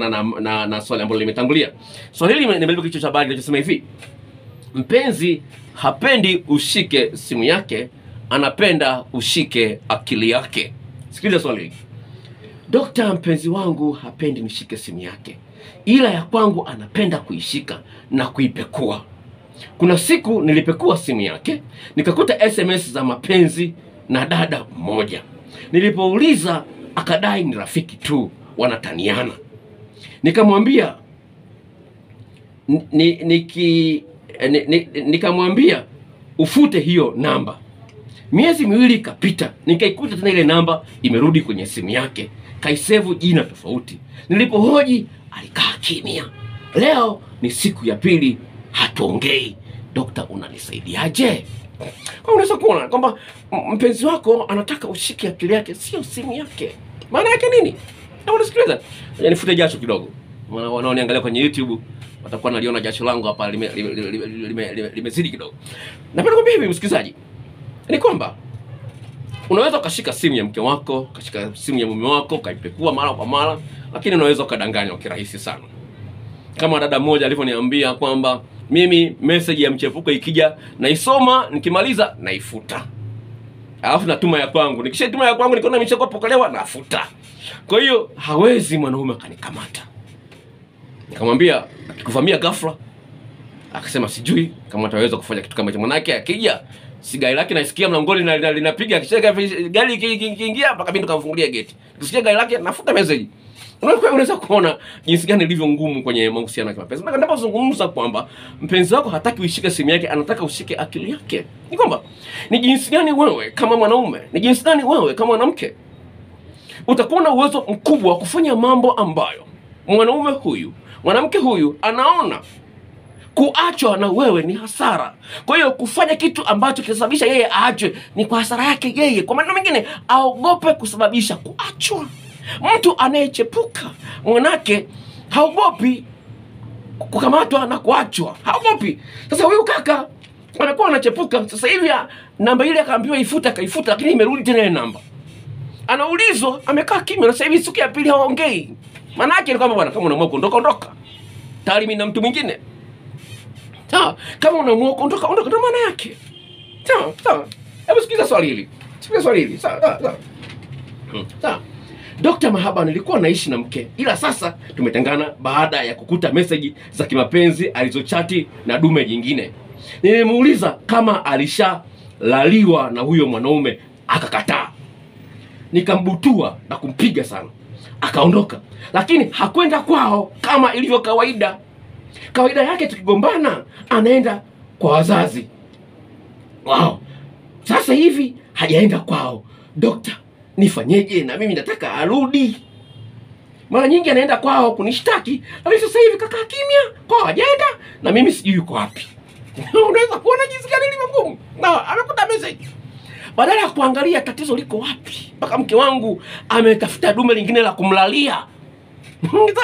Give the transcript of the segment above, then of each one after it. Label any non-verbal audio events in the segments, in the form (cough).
Na, na, na swali ambalo limetangulia So hili nimebeba kichwa cha habari kinachosema hivi: mpenzi hapendi ushike simu yake, anapenda ushike akili yake. Sikiliza swali hili. Dokta, mpenzi wangu hapendi nishike simu yake, ila ya kwangu anapenda kuishika na kuipekua. Kuna siku nilipekua simu yake nikakuta SMS za mapenzi na dada mmoja. Nilipouliza akadai ni rafiki tu, wanataniana Nikamwambia niki eh, nikamwambia ufute hiyo namba. Miezi miwili ikapita, nikaikuta tena ile namba imerudi kwenye simu yake, kaisevu jina tofauti. Nilipohoji alikaa kimya. Leo ni siku ya pili, hatuongei. Dokta, unanisaidiaje? Unaweza kuona kwamba mpenzi wako anataka ushike akili yake, sio simu yake. Maana yake nini? sikiliza, nifute jasho kidogo. Wanaoniangalia kwenye YouTube watakuwa naliona jasho langu hapa limezidi lime, lime, lime, lime kidogo. Napenda kuambia hivi msikilizaji, ni kwamba unaweza ukashika simu ya mke wako, ukashika simu ya mume wako, ukaipekua mara kwa mara, lakini unaweza ukadanganywa kirahisi sana, kama dada mmoja alivyoniambia kwamba mimi message ya mchepuko ikija naisoma, nikimaliza naifuta alafu natuma ya kwangu, nikishatuma ya kwangu nikiona imeshakuwa pokelewa nafuta. Kwa hiyo hawezi mwanaume akanikamata. Nikamwambia akikuvamia ghafla, akasema sijui kama ataweza kufanya kitu kama hicho, manake akija si gari lake naisikia mlangoni na linapiga, akishaga gari ikiingia mpaka mimi tukamfungulia geti, kusikia gari lake nafuta message unaweza kuona jinsi gani ilivyo ngumu kwenye mahusiano ya kimapenzi. Na ninapozungumza kwamba mpenzi wako hataki uishike simu yake, anataka ushike akili yake, ni kwamba ni jinsi gani wewe kama mwanaume, ni jinsi gani wewe kama mwanamke utakuwa na uwezo mkubwa wa kufanya mambo ambayo mwanaume huyu, mwanamke huyu anaona kuachwa na wewe ni hasara. Kwa hiyo kufanya kitu ambacho kinasababisha yeye aachwe ni kwa hasara yake yeye, kwa maneno mengine aogope kusababisha kuachwa. Mtu anayechepuka mwanake haogopi kukamatwa na kuachwa, haogopi. Sasa huyu kaka anakuwa anachepuka sasa hivi, namba ile akaambiwa ifuta, akaifuta, lakini imerudi tena ile namba. Anaulizwa, amekaa kimya, na sasa hivi siku ya pili haongei. Maana yake ni kwamba bwana, kama unaamua kuondoka, ondoka, tayari mimi na mtu mwingine sawa. Kama unaamua kuondoka, ondoka, ndio maana yake. Sawa sawa. Hebu sikiliza swali hili, sikiliza swali hili. Sawa sawa sawa. Dr. Mahaba, nilikuwa naishi na mke, ila sasa tumetengana baada ya kukuta meseji za kimapenzi alizochati na dume jingine. Nilimuuliza kama alishalaliwa na huyo mwanaume, akakataa. Nikambutua na kumpiga sana, akaondoka, lakini hakwenda kwao kama ilivyo kawaida. Kawaida yake tukigombana, anaenda kwa wazazi wao. Sasa hivi hajaenda kwao. Dokta nifanyeje? Na mimi nataka arudi. Mara nyingi anaenda kwao kunishtaki, lakini sasa hivi kakaa kimya, kwao hajaenda na mimi sijui yuko wapi. (laughs) Unaweza kuona jinsi gani ni magumu, na amekuta message badala ya kuangalia tatizo liko wapi. Mpaka mke wangu ametafuta dume lingine la kumlalia (laughs)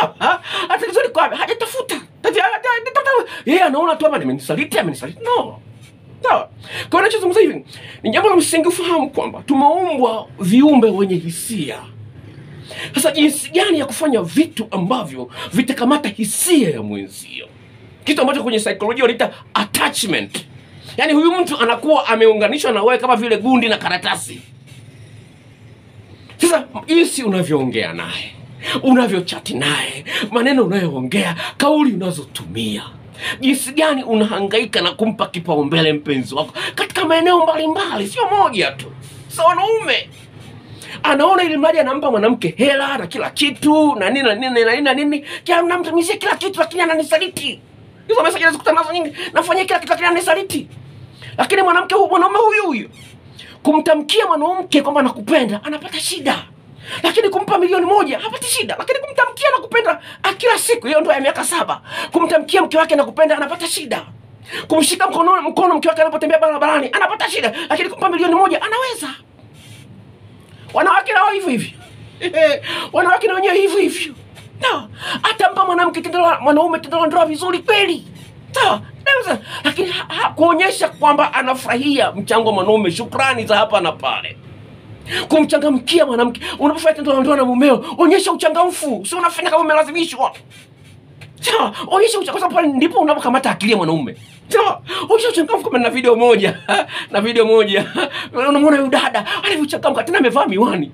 tatizo liko wapi? Hajatafuta, yeye anaona tu hapa, nimenisaliti amenisaliti. No, sawa. Kwa nachozungumza hivi ni jambo la msingi ufahamu kwamba tumeumbwa viumbe wenye hisia. Sasa jinsi gani ya kufanya vitu ambavyo vitakamata hisia ya mwenzio, kitu ambacho kwenye saikolojia wanaita attachment. Yaani huyu mtu anakuwa ameunganishwa na wewe kama vile gundi na karatasi. Sasa jinsi unavyoongea naye, unavyochati naye, maneno unayoongea, kauli unazotumia jinsi gani unahangaika na kumpa kipaumbele mpenzi wako katika maeneo mbalimbali, sio moja tu. Sasa wanaume anaona ili mradi anampa mwanamke hela na kila kitu na nini na nini na nini na nini, kila namtumizia kila kitu, lakini ananisaliti. Hizo meseji nazikuta nazo nyingi, nafanyia kila kitu, lakini ananisaliti. Lakini mwanamke huyu, mwanaume huyu huyu kumtamkia mwanamke kwamba nakupenda, anapata shida lakini kumpa milioni moja hapati shida, lakini kumtamkia na kupenda ah, kila siku, hiyo ndoa ya miaka saba, kumtamkia mke wake na kupenda anapata shida kumshika mkono mkono mke wake anapotembea barabarani anapata shida, lakini kumpa milioni moja anaweza. Wanawake nao hivyo hivyo, (laughs) wanawake na wenyewe hivyo hivyo. Sawa, atampa mwanamke tendo la mwanaume tendo la ndoa vizuri kweli, sawa, lakini ha, ha, kuonyesha kwamba anafurahia mchango mwanaume, shukrani za hapa na pale kumchangamkia mwanamke. Unapofanya tendo la ndoa na mumeo, onyesha uchangamfu, sio unafanya kama umelazimishwa. Sawa, onyesha uchangamfu pale, ndipo unapokamata akili ya mwanaume. Sawa, onyesha uchangamfu. Kama na video moja (laughs) na video moja, unamwona yule dada alivyochangamka, tena amevaa miwani,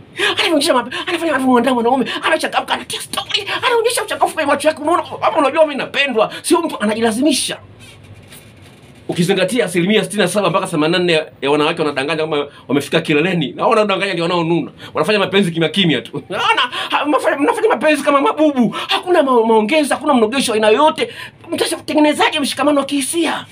anafanya mwanaume, anachangamka, anaonyesha uchangamfu kwa macho yake. Unaona, unajua mimi napendwa, sio mtu anajilazimisha ukizingatia asilimia sitini na saba mpaka themanini na nne ya, wanawake wanadanganya kama wamefika kileleni, na wanadanganya ndio wanaonuna, wanafanya mapenzi kimya kimya tu. (laughs) Naona mnafanya mapenzi kama mabubu, hakuna ma maongezi, hakuna mnogesho aina yoyote. Mtatengenezaje mshikamano wa kihisia?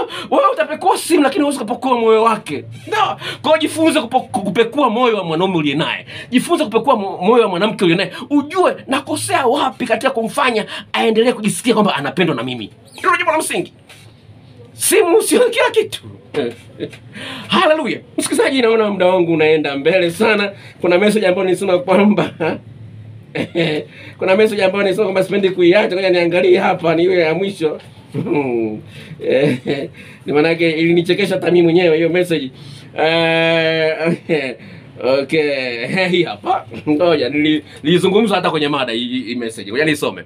(laughs) wewe utapekua simu lakini huwezi kupekua moyo wake. Ndio. Kwa hiyo jifunze kupekua moyo wa mwanaume uliye naye, jifunze kupekua moyo wa mwanamke uliye naye, ujue nakosea wapi katika kumfanya aendelee kujisikia kwamba anapendwa na mimi. Hilo jambo la msingi simu sio kila kitu. (laughs) Haleluya! Msikilizaji, naona muda wangu unaenda mbele sana. Kuna message ambayo nilisema kwamba (laughs) kuna message ambayo nilisema kwamba sipendi kuiacha, ngoja niangalie hapa, ni ile ya mwisho (laughs) ni yake ilinichekesha hata mwenyewe hiyo message. Eh, okay, hii hapa, ngoja nilizungumza hata kwenye mada hii message, ngoja nisome.